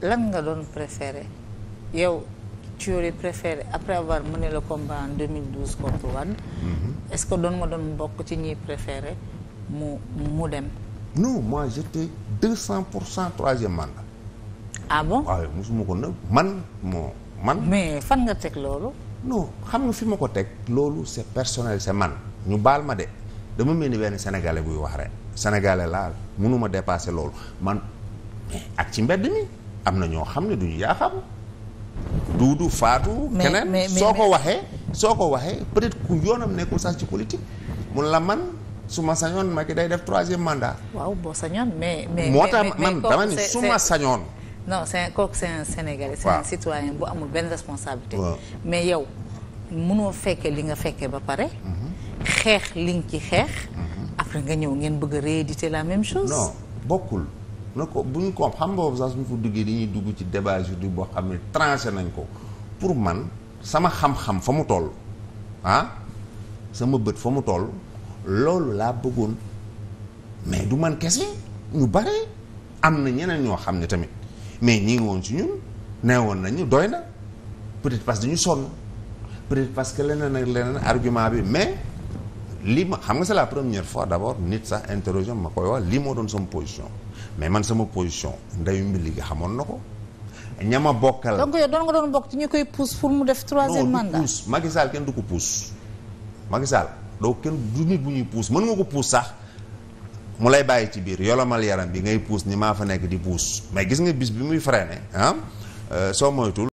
lan nga doon préféré yow tu aurais préféré après avoir ne le combat en 2012 contre Wade. Mhm. ce que doon nga doon bokk ci ñiy préféré mu mu dem. non moi j'étais cent pour cent troisième mandat. ah bon waaw ah, mosuma ko nëb man moo man. mais fan nga teg loolu. non xam nga fi ma ko teg loolu c'est personnel c'est man ñu baal ma de dama mel ni benn sénégalais buy wax rek sénégalais laa mënuma dépasser loolu man ak ci mbedd mi. am na ñoo xam ne du duñu yaa xam duudu faatu keneen soo ko waxee soo ko waxee peut-être ku yoonam nekkul sax ci politique mun la man su ma sañoon i day def troisième mandat waaw boo sañoon mais mais moo tax man dama ni su sañoon non c'est kooku c'est un Sénégalais amul benn responsabilité mais yow mënoo fekkee li nga fekkee ba pare mm-hmm. xeex li nga ci xeex mm-hmm. après nga ñëw ngeen bëgg a rééditer la même chose non bokkul na ko bu ñu ko xam boobu sax suñu fa duggee dañuy dugg ci débat juridique boo xam ne tranché nañ ko pour man sama xam-xam fa mu toll ah sama bët fa mu toll loolu laa bëggoon mais du man kese ñu bare am na ñeneen ñoo xam ne tamit mais ñi ngi woon ci ñun nee woon nañu doy na peut-être parce que dañu sonn peut-être parce que leneen ak leneen argument bi mais lii ma xam nga c'est la première fois d'abord nit sax interrogé ma koy wax lii moo doon sama position mais man sama position ndeyu mbili gi xamoon na ko ñama bokkal. donc yow doon nga doon bokk ci ñu koy pousse pour mu def troisième mandat non du pousse Macky Sall kenn du ko pousse Macky doo kenn du nit bu ñuy pousse mën nga ko pousse sax mu lay bàyyi ci biir yolomal yaram bi ngay pousse ni maa fa nekk di pousse mais gis nga bis bi muy freiné ah soo moytul.